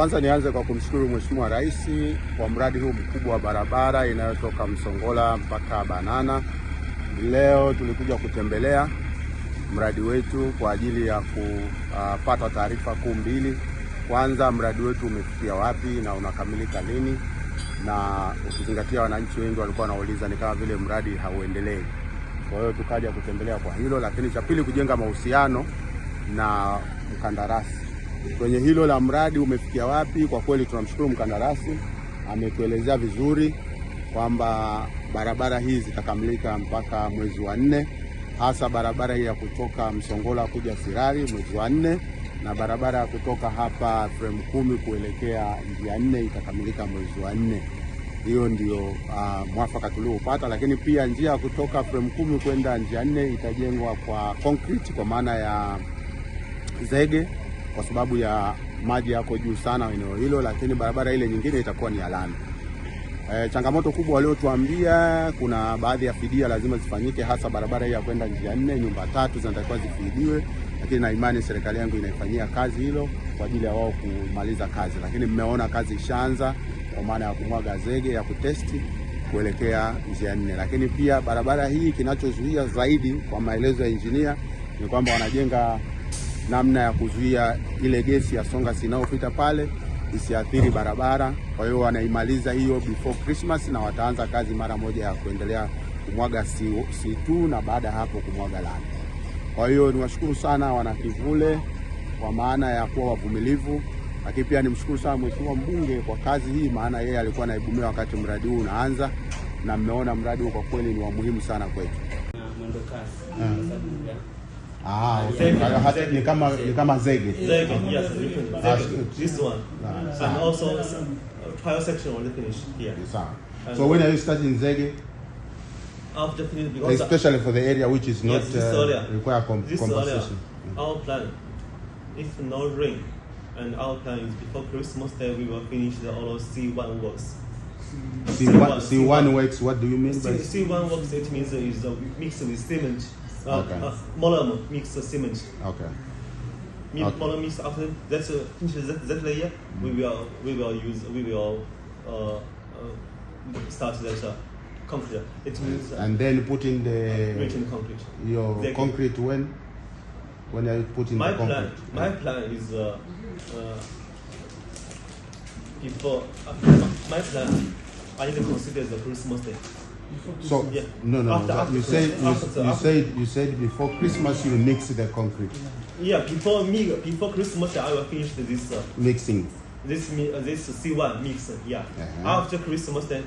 Kwanza nianze kwa kumshukuru Mheshimiwa Rais kwa mradi huu mkubwa wa barabara inayotoka Msongola mpaka Banana. Leo tulikuja kutembelea mradi wetu kwa ajili ya kupata taarifa kuu mbili. Kwanza, mradi wetu umefikia wapi na unakamilika lini, na ukizingatia wananchi wengi walikuwa wanauliza ni kama vile mradi hauendelei. Kwa hiyo tukaja kutembelea kwa hilo, lakini cha pili, kujenga mahusiano na mkandarasi kwenye hilo la mradi umefikia wapi. Kwa kweli tunamshukuru mkandarasi, ametuelezea vizuri kwamba barabara hii zitakamilika mpaka mwezi wa nne, hasa barabara hii ya kutoka Msongola kuja Sirari mwezi wa nne, na barabara ya kutoka hapa fremu kumi kuelekea njia nne itakamilika mwezi wa nne. Hiyo ndio uh, mwafaka tulioupata, lakini pia njia ya kutoka fremu kumi kwenda njia nne itajengwa kwa konkriti kwa maana ya zege kwa sababu ya maji yako juu sana eneo hilo, lakini barabara ile nyingine itakuwa ni ya lami. E, changamoto kubwa waliotuambia kuna baadhi ya fidia lazima zifanyike, hasa barabara hii ya kwenda njia nne nyumba tatu zinatakiwa zifidiwe, lakini na imani serikali yangu inaifanyia kazi hilo kwa ajili ya wao kumaliza kazi, lakini mmeona kazi ishaanza kwa maana ya kumwaga zege ya kutesti kuelekea njia nne. Lakini pia barabara hii kinachozuia zaidi, kwa maelezo ya injinia, ni kwamba wanajenga namna ya kuzuia ile gesi ya songa inayopita pale isiathiri barabara. Kwa hiyo wanaimaliza hiyo before Christmas na wataanza kazi mara moja ya kuendelea kumwaga C2 na baada ya hapo kumwaga lami. Kwa hiyo niwashukuru sana wanakivule kwa maana ya kuwa wavumilivu, lakini pia nimshukuru sana mheshimiwa mbunge kwa kazi hii, maana yeye alikuwa anaigumia wakati mradi huu unaanza, na mmeona mradi huu kwa kweli ni wa muhimu sana kwetu. Ah, okay. Zege. Ni kama ni kama zege. Zege, yes, zege. Ah, this one. Ah, and ah. also some uh, trial section finished here. Sawa. So when are you studying zege? After finish because especially for the area which is not yes, uh, require com this Area, our plan, if no rain, and our plan is before Christmas Day we will finish the all of C1 works. C1, C1, C1, works. What do you mean C, by C1 works? It means it's mix with cement. Uh, okay. uh, Molam mix uh, cement. Okay. Me, okay. Molam mix after that uh, finish that, that layer, mm. we will we will use we will uh, uh, start that uh, concrete. It means. and then put in the. Uh, concrete. Your the concrete when? When are you putting my the concrete? Plan, My yeah. plan is before my plan. I need to consider the Christmas day. So yeah. no, no, after, no. After you say you, you said you said before Christmas you mix the concrete. Yeah, before me, before Christmas I will finish this uh, mixing. This uh, this C one mix. Uh, yeah. Uh-huh. After Christmas then,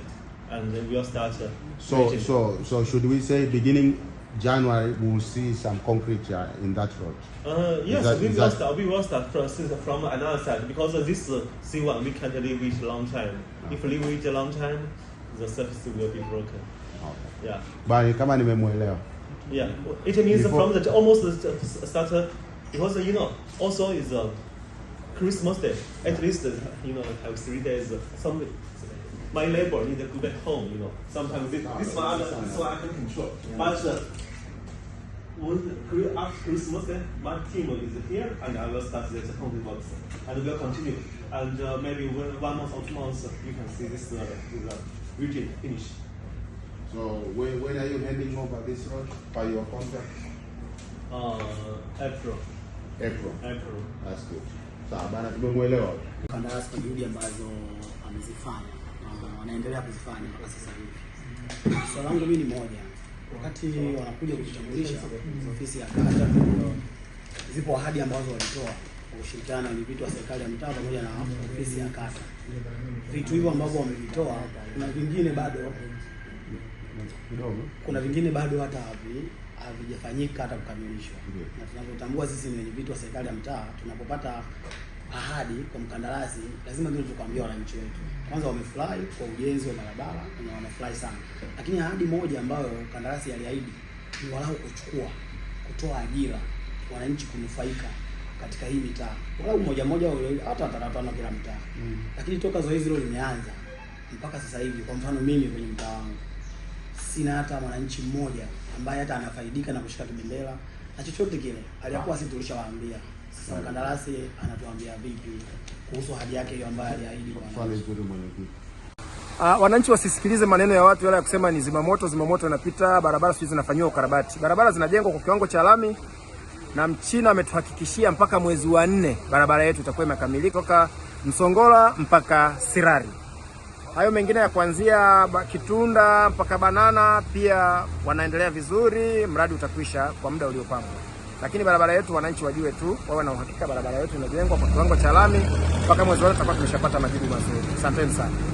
and then we'll start. Uh, so finishing. so so should we say beginning January we'll see some concrete uh, in that road. Uh, yes, that, we, will that... start, we will start from, from another side because this uh, C1 we can't leave it a long time. No. If leave it a long time, the surface will be broken. Okay. Yeah. Bali kama nimemuelewa. Yeah. It means Before, from the almost the starter because you know also is a um, Christmas day. At least uh, you know have three days. Some my labor need to go back home. You know sometimes this, this one this one I can control, but. Uh, when after Christmas, day, my team is here, and I will start the accounting box, and we'll continue. And uh, maybe one month or two months, uh, you can see this uh, result. Richard, finish. So when, when are you handing over this road by your contract? Uh, April. April. April. That's good. So I'm Sawa bana, tumemwelewa. Kandarasi kwa juhudi ambazo amezifanya na wanaendelea kuzifanya kwa sasa hivi. Swali langu mimi ni moja. Wakati wanakuja kujitambulisha ofisi ya kata, zipo ahadi ambazo walitoa ushirikiano na vitu wa serikali ya mtaa pamoja na ofisi ya kata. Vitu hivyo ambavyo wamevitoa, kuna vingine bado kuna vingine bado hata havijafanyika hata kukamilishwa, na tunavyotambua sisi ni wenyeviti wa serikali ya mtaa, tunapopata ahadi kwa mkandarasi lazima ndio tukwambie wananchi wetu. Kwanza wamefurahi kwa ujenzi wa barabara na wanafurahi sana, lakini ahadi moja ambayo mkandarasi aliahidi ni walau kuchukua kutoa ajira wananchi kunufaika katika hii mitaa, wala mmoja mmoja hata watano kila mtaa mm. Lakini toka zoezi hilo limeanza mpaka sasa hivi, kwa mfano mimi kwenye mtaa wangu sina hata mwananchi mmoja ambaye hata anafaidika na kushika kibendera na chochote kile. Aliyakuwa sisi tulishawaambia, sasa mm. mkandarasi anatuambia vipi kuhusu hali yake hiyo ambayo aliahidi Uh, wananchi wasisikilize maneno ya watu yale ya kusema ni zimamoto zimamoto inapita barabara, sijui zinafanyiwa ukarabati. Barabara zinajengwa kwa kiwango cha lami na Mchina ametuhakikishia mpaka mwezi wa nne barabara yetu itakuwa imekamilika toka Msongola mpaka Sirari. Hayo mengine ya kuanzia Kitunda mpaka Banana pia wanaendelea vizuri, mradi utakwisha kwa muda uliopangwa. Lakini barabara yetu, wananchi wajue tu, wawe na uhakika barabara yetu inajengwa kwa kiwango cha lami. Mpaka mwezi wa nne tutakuwa tumeshapata majibu mazuri. Asanteni sana.